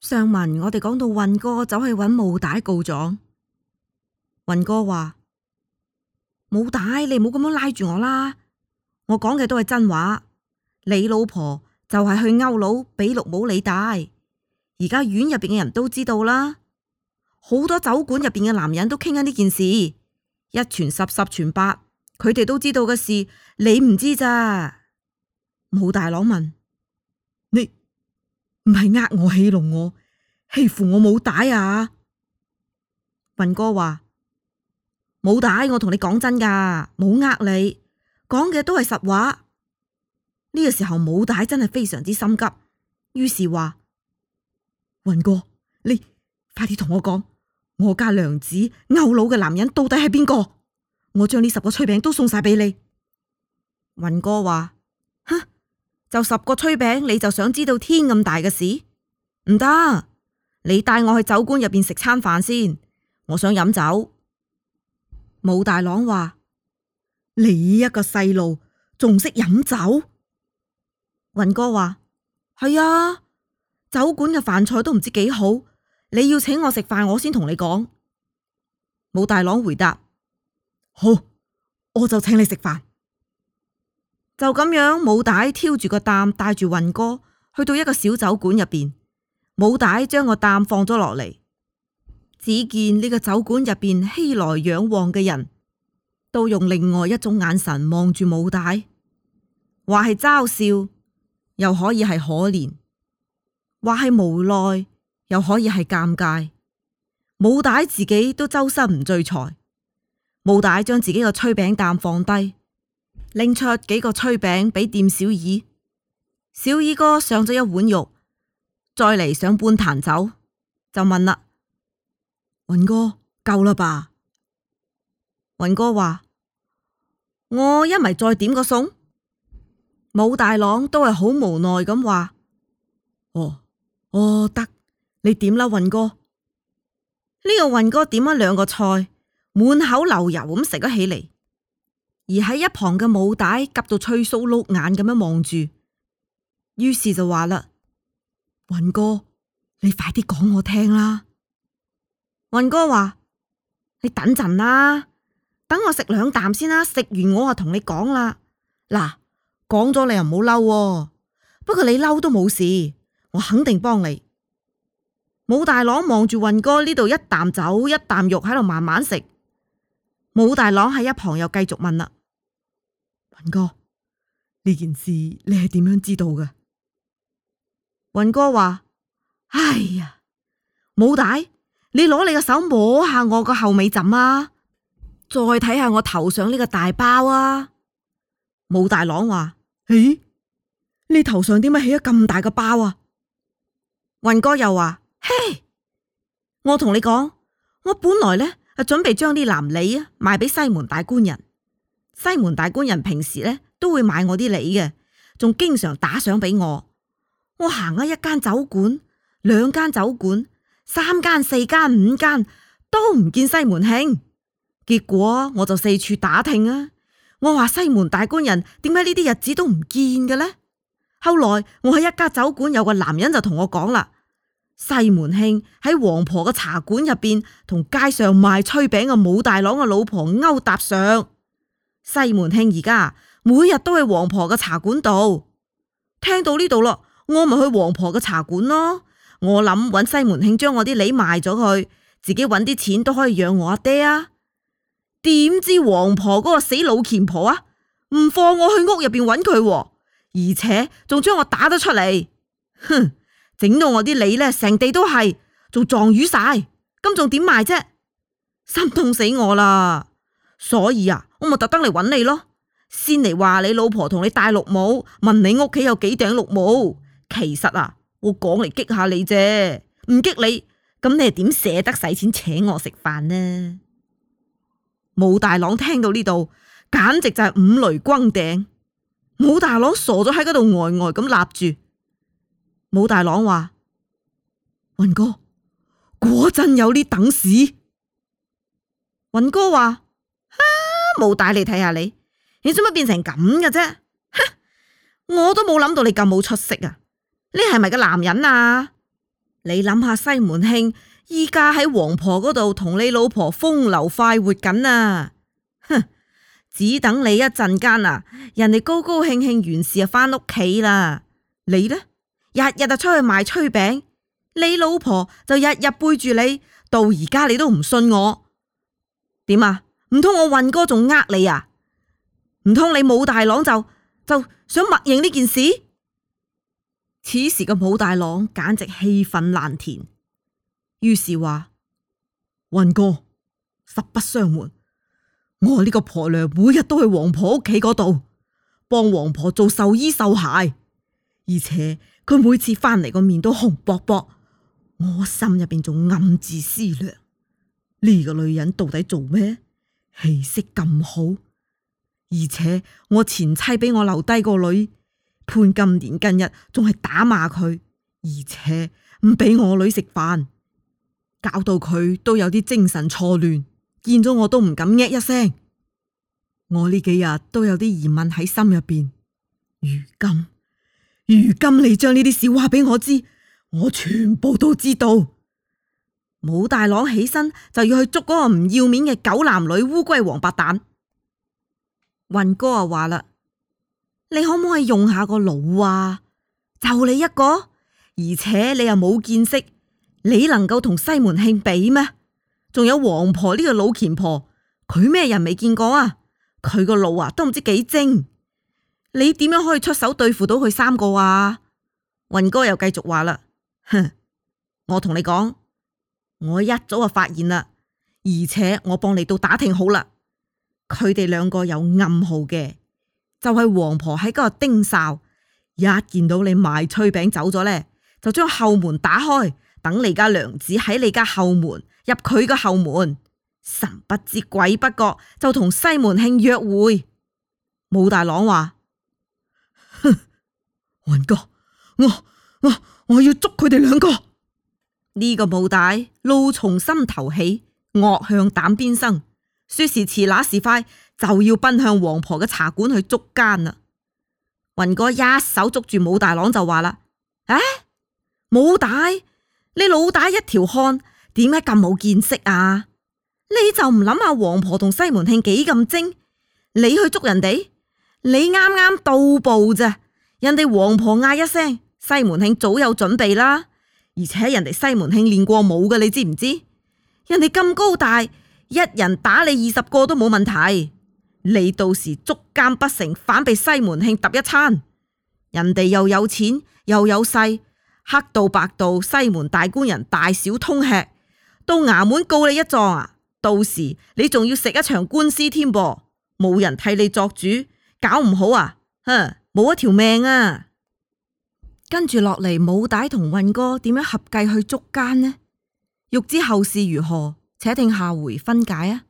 上文我哋講到云哥走去揾武大告狀，云哥話：武大你唔好咁樣拉住我啦，我講嘅都係真話。你老婆就係去勾佬俾綠帽，你戴，而家院入邊嘅人都知道啦，好多酒館入邊嘅男人都傾緊呢件事，一傳十十傳百，佢哋都知道嘅事，你唔知咋？武大郎問。唔係呃我，戲弄我，欺負我冇帶啊！云哥話，冇帶，我同你講真噶，冇呃你，講嘅都係實話。呢個時候，冇帶真係非常之心急，於是話，云哥，你快啲同我講，我家娘子勾佬嘅男人到底係邊個？我將呢十個炊餅都送晒俾你。云哥話。就十個炊餅，你就想知道天咁大嘅事？唔得，你帶我去酒館入邊食餐飯先，我想飲酒。武大郎話：你一個細路，仲識飲酒？云哥話：係啊，酒館嘅飯菜都唔知幾好。你要請我食飯，我先同你講。武大郎回答：好，我就請你食飯。就咁樣，武大挑住個擔，帶住云哥去到一個小酒館入邊。武大將個擔放咗落嚟，只見呢個酒館入邊熙來攘往嘅人都用另外一種眼神望住武大，話係嘲笑，又可以係可憐；話係無奈，又可以係尷尬。武大自己都周身唔聚財，武大將自己個炊餅擔放低。拎出幾個炊餅俾店小二，小二哥上咗一碗肉，再嚟上半壇酒，就問啦：云哥夠啦吧？云哥話：我一咪再點個餸，武大郎都係好無奈咁話：哦，哦得，你點啦，云哥。呢個云哥點咗兩個菜，滿口流油咁食得起嚟。而喺一旁嘅武大急到吹鬚碌眼咁樣望住，於是就話啦：云哥，你快啲講我聽啦。云哥話：你等陣啦，等我食兩啖先啦。食完我啊，同你講啦嗱，啊，講咗你又唔好嬲，不過你嬲都冇事，我肯定幫你。武大郎望住云哥呢度一啖酒一啖肉喺度慢慢食，武大郎喺一旁又繼續問啦。雲哥，呢件事你係點樣知道㗎？雲哥話：哎呀，武大，你攞你個手摸下我個後尾枕啊，再睇下我頭上呢個大包啊。武大郎話：咦，你頭上點解起咗咁大個包啊？雲哥又話：嘿，我同你講，我本來咧係準備將啲藍李啊賣俾西門大官人。西門大官人平時咧都會買我啲梨嘅，仲經常打賞俾我。我行咗一間酒館、兩間酒館、三間、四間、五間都唔見西門慶。結果我就四處打聽啊，我話「西門大官人，點解呢啲日子都唔見嘅呢？」後來我喺一家酒館有個男人就同我講啦：「西門慶喺王婆嘅茶館入邊同街上賣炊餅嘅武大郎嘅老婆勾搭上。西門慶而家每日都喺黃婆嘅茶館度，聽到呢度咯，我咪去黃婆嘅茶館咯。我諗搵西門慶將我啲梨賣咗佢，自己搵啲錢都可以養我阿爹啊。點知黃婆嗰個死老虔婆啊，唔放我去屋入邊搵佢，而且仲將我打得出嚟，哼，整到我啲梨咧成地都係，仲撞雨晒，咁仲點賣啫？心痛死我啦！所以啊。我咪特登嚟揾你咯，先嚟話你老婆同你戴綠帽，問你屋企有幾頂綠帽。其實啊，我講嚟激下你啫，唔激你，咁你係點捨得使錢請我食飯呢？武大郎聽到呢度，簡直就係五雷轟頂。武大郎傻咗喺嗰度呆呆咁立住。武大郎話：雲哥，果真有呢等事。雲哥話。冇帶你睇下你，你做乜變成咁嘅啫？哼，我都冇諗到你咁冇出息啊！你係咪個男人啊？你諗下西門慶依家喺王婆嗰度同你老婆風流快活緊啊！哼，只等你一陣間啊，人哋高高興興完事就翻屋企啦。你呢？日日就出去賣炊餅，你老婆就日日背住你，到而家你都唔信我，點啊？唔通我鄆哥仲呃你啊？唔通你武大郎就就想默認呢件事？此時嘅武大郎簡直氣憤難填，於是話：鄆哥實不相瞞，我呢個婆娘每日都去王婆屋企嗰度幫王婆做壽衣壽鞋，而且佢每次翻嚟個面都紅卜卜，我心入邊仲暗自思量：呢個女人到底做咩？.氣息咁好，而且我前妻俾我留低個女，潘金蓮近日仲係打罵佢，而且唔俾我女食飯，搞到佢都有啲精神錯亂，見咗我都唔敢呃一聲。我呢幾日都有啲疑問喺心入邊，如今如今你將呢啲小話俾我知，我全部都知道。武大郎起身就要去捉嗰個唔要面嘅狗男女烏龜王八蛋。雲哥又話啦：，你可唔可以用下個腦啊？就你一個，而且你又冇見識，你能夠同西門慶比咩？仲有王婆呢個老虔婆，佢咩人未見過啊？佢個腦啊都唔知幾精，你點樣可以出手對付到佢三個啊？雲哥又繼續話啦：，哼，我同你講。我一早就發現啦，而且我幫你都打聽好啦，佢哋兩個有暗號嘅，就係王婆喺度盯哨，一見到你賣炊餅走咗咧，就將後門打開，等你家娘子喺你家後門入佢個後門，神不知鬼不覺就同西門慶約會。武大郎話：，哼，鄆哥，我我我要捉佢哋兩個。呢個武大怒從心頭起，惡向膽邊生。說時遲，那時快，就要奔向王婆嘅茶館去捉奸啦。雲哥一手捉住武大郎就話啦：唉，武大，你老大一條漢，點解咁冇見識啊？你就唔諗下王婆同西門慶幾咁精，你去捉人哋，你啱啱到步咋？人哋王婆嗌一聲，西門慶早有準備啦。而且人哋西門慶練過武㗎，你知唔知？人哋咁高大，一人打你二十個都冇問題。你到時捉奸不成，反被西門慶揼一餐。人哋又有錢又有勢，黑道白道西門大官人大小通吃。到衙門告你一狀啊，到時你仲要食一場官司添噃，冇人替你作主，搞唔好啊，哼，冇一條命啊！跟住落嚟，武大同鄆哥點樣合計去捉奸呢？欲知後事如何，且聽下回分解啊！